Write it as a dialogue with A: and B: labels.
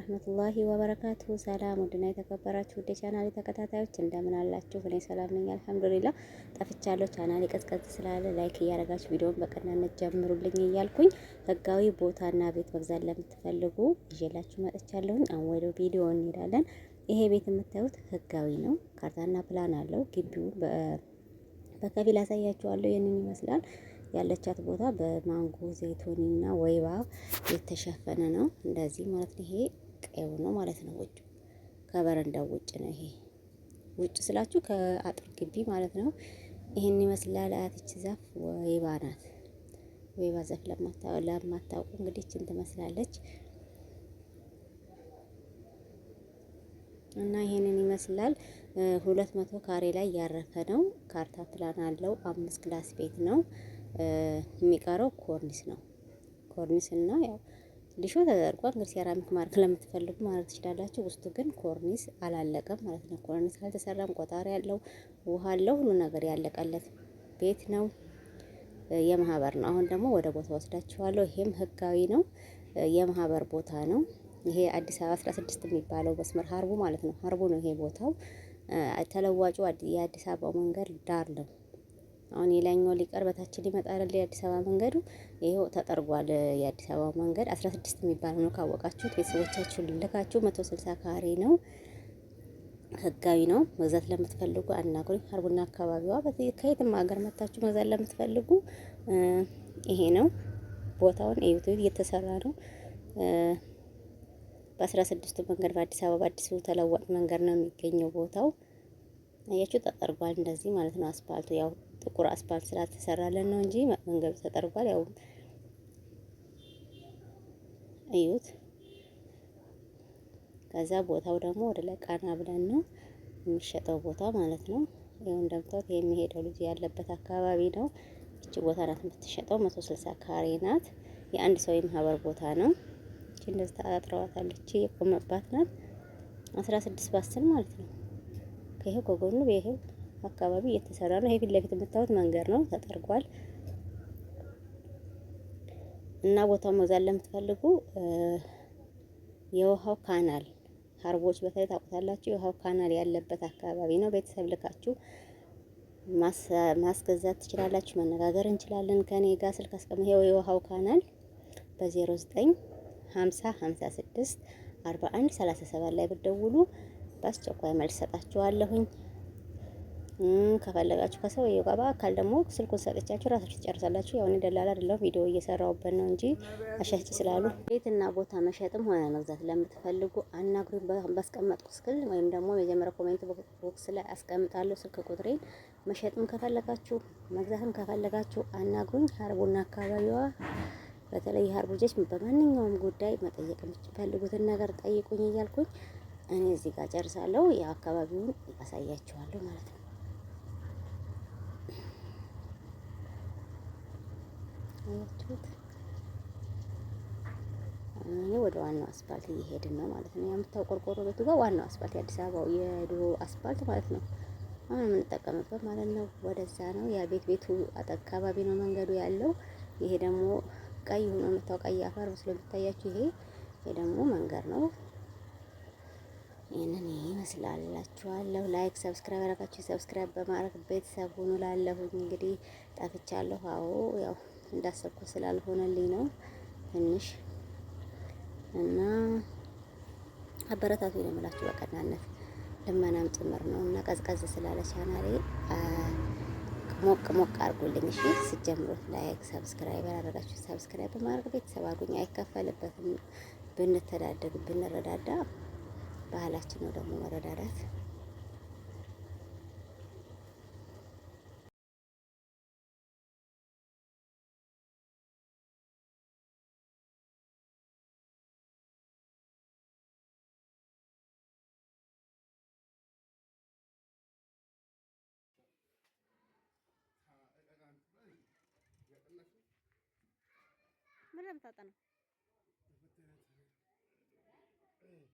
A: ወራህመቱላሂ ወበረካቱሁ። ሰላም ውድና የተከበራችሁ ውድ ቻናል ተከታታዮች እንደምን አላችሁ? እኔ ሰላም ነኝ አልሐምዱሊላ። ጠፍቻለሁ። ቻናል ቀዝቀዝ ስላለ ላይክ እያደረጋችሁ ቪዲዮውን በቀናነት ጀምሩልኝ እያልኩኝ ህጋዊ ቦታና ቤት መግዛት ለምትፈልጉ ይዤላችሁ መጥቻለሁኝ። አሁን ወደ ቪዲዮ እንሄዳለን። ይሄ ቤት የምታዩት ህጋዊ ነው። ካርታና ፕላን አለው። ግቢው በከፊል አሳያችኋለሁ። ይህንን ይመስላል ያለቻት ቦታ በማንጎ ዘይቶኒና ወይባ የተሸፈነ ነው። እንደዚህ ማለት ነው ይሄ ቀዩ ነው ማለት ነው። ውጭ ከበረንዳው ውጭ ነው። ይሄ ውጭ ስላችሁ ከአጥር ግቢ ማለት ነው። ይሄን ይመስላል። አያትች ዛፍ ወይባ ናት። ወይባ ዛፍ ለማታውቁ እንግዲህ ይችን ትመስላለች። እና ይሄንን ይመስላል። ሁለት መቶ ካሬ ላይ ያረፈ ነው። ካርታ ፕላን አለው። አምስት ክላስ ቤት ነው። የሚቀረው ኮርኒስ ነው። ኮርኒስ እና ያው ዲሾ ተደርጓል። እንግዲህ ሴራሚክ ማድረግ ለምትፈልጉ ማድረግ ትችላላችሁ። ውስጡ ግን ኮርኒስ አላለቀም ማለት ነው። ኮርኒስ አልተሰራም። ቆጣሪ ያለው ውሃ አለው ሁሉ ነገር ያለቀለት ቤት ነው። የማህበር ነው። አሁን ደግሞ ወደ ቦታ ወስዳችኋለሁ። ይሄም ህጋዊ ነው። የማህበር ቦታ ነው። ይሄ አዲስ አበባ 16 የሚባለው መስመር ሀርቡ ማለት ነው። ሀርቡ ነው ይሄ ቦታው። ተለዋጩ የአዲስ አበባ መንገድ ዳር ነው። አሁን የላይኛው ሊቀር በታችን ሊመጣ የአዲስ አበባ መንገዱ ይኸው ተጠርጓል። የአዲስ አበባ መንገድ አስራ ስድስት የሚባለው ነው ካወቃችሁት፣ ቤተሰቦቻችሁን ልልካችሁ። ስልሳ ካሬ ነው፣ ህጋዊ ነው። መግዛት ለምትፈልጉ አናግሩኝ። ሀርቡና አካባቢዋ ከየትም ሀገር መታችሁ መግዛት ለምትፈልጉ ይሄ ነው ቦታውን። ዩቲዩብ እየተሰራ ነው በአስራ ስድስቱ መንገድ በአዲስ አበባ አዲሱ ተለዋጭ መንገድ ነው የሚገኘው ቦታው። አያችሁ፣ ተጠርጓል እንደዚህ ማለት ነው አስፋልቱ ያው ጥቁር አስፓልት ስላልተሰራለን ነው እንጂ መንገዱ ተጠርጓል። ያው እዩት። ከዛ ቦታው ደግሞ ወደ ላይ ቃና ብለን ነው የሚሸጠው ቦታ ማለት ነው። ይኸው እንደምታዩት የሚሄደው ልጅ ያለበት አካባቢ ነው። እቺ ቦታ ናት የምትሸጠው፣ 160 ስልሳ ካሬ ናት። የአንድ ሰው የማህበር ቦታ ነው። እቺ እንደዚህ ተአጥረዋታለች። የቆመባት ናት 16 ስድስት ማለት ነው። ከይሄ ከጎኑ ይሄ አካባቢ እየተሰራ ነው። ይሄ ፊት ለፊት የምታዩት መንገድ ነው ተጠርጓል። እና ቦታው መግዛት ለምትፈልጉ የውሃው ካናል ሀርቦች በተለይ ታውቁታላችሁ። የውሃው ካናል ያለበት አካባቢ ነው። ቤተሰብ ልካችሁ ማስገዛት ትችላላችሁ። መነጋገር እንችላለን ከኔ ጋር ስልክ አስቀምጥ። ይሄው የውሃው ካናል በ09 50 56 41 37 ላይ ብትደውሉ በአስቸኳይ መልስ ሰጣችኋለሁኝ። ከፈለጋችሁ ከሰውዬው ጋር በአካል ደግሞ ስልኩን ሰጥቻችሁ ራሳችሁ ትጨርሳላችሁ። ያው እኔ ደላላ አይደለሁም፣ ቪዲዮ እየሰራሁበት ነው እንጂ አሻጭ ስላሉ ቤትና ቦታ መሸጥም ሆነ መግዛት ለምትፈልጉ አናግሩኝ። ባስቀመጥኩት ስክል ወይም ደግሞ የመጀመሪያ ኮሜንት ቦክስ ላይ አስቀምጣለሁ ስልክ ቁጥሬን። መሸጥም ከፈለጋችሁ መግዛትም ከፈለጋችሁ አናግሩኝ። ሀርቡና አካባቢዋ በተለይ ሀርቡጆች በማንኛውም ጉዳይ መጠየቅ የምትፈልጉትን ነገር ጠይቁኝ እያልኩኝ እኔ እዚህ ጋር ጨርሳለሁ። የአካባቢውን አሳያችኋለሁ ማለት ነው። አያችሁት? ወደ ዋናው አስፋልት እየሄድን ነው ማለት ነው። የምታው ቆርቆሮ ቤቱ ጋር ዋናው አስፋልት የአዲስ አበባው የድሮ አስፋልት ማለት ነው። አሁን የምንጠቀምበት ማለት ነው። ወደዛ ነው ያ ቤት ቤቱ አካባቢ ነው መንገዱ ያለው። ይሄ ደግሞ ቀይ ሆኖ የምታው ቀይ አፈር መስሎ የሚታያችሁ ይሄ ይሄ ደግሞ መንገድ ነው። ይህንን ይመስላላችኋለሁ። ላይክ ሰብስክራይብ ያደረጋችሁ ሰብስክራይብ በማድረግ ቤተሰብ ሁኑ። ላለሁኝ እንግዲህ ጠፍቻለሁ። አዎ ያው እንዳሰብኩ ስላልሆነልኝ ነው ትንሽ እና አበረታቱ የምላችሁ በቀናነት ልመናም ጭምር ነው እና ቀዝቀዝ ስላለ ቻናሌ ሞቅ ሞቅ አድርጉልኝ። እሺ ስጀምሩት ላይክ፣ ሰብስክራይብ ያላደረጋችሁ ሰብስክራይብ በማድረግ ቤተሰብ አድርጉኝ። አይከፈልበትም። ብንተዳደግ ብንረዳዳ ባህላችን ነው ደግሞ መረዳዳት ለምታጠነው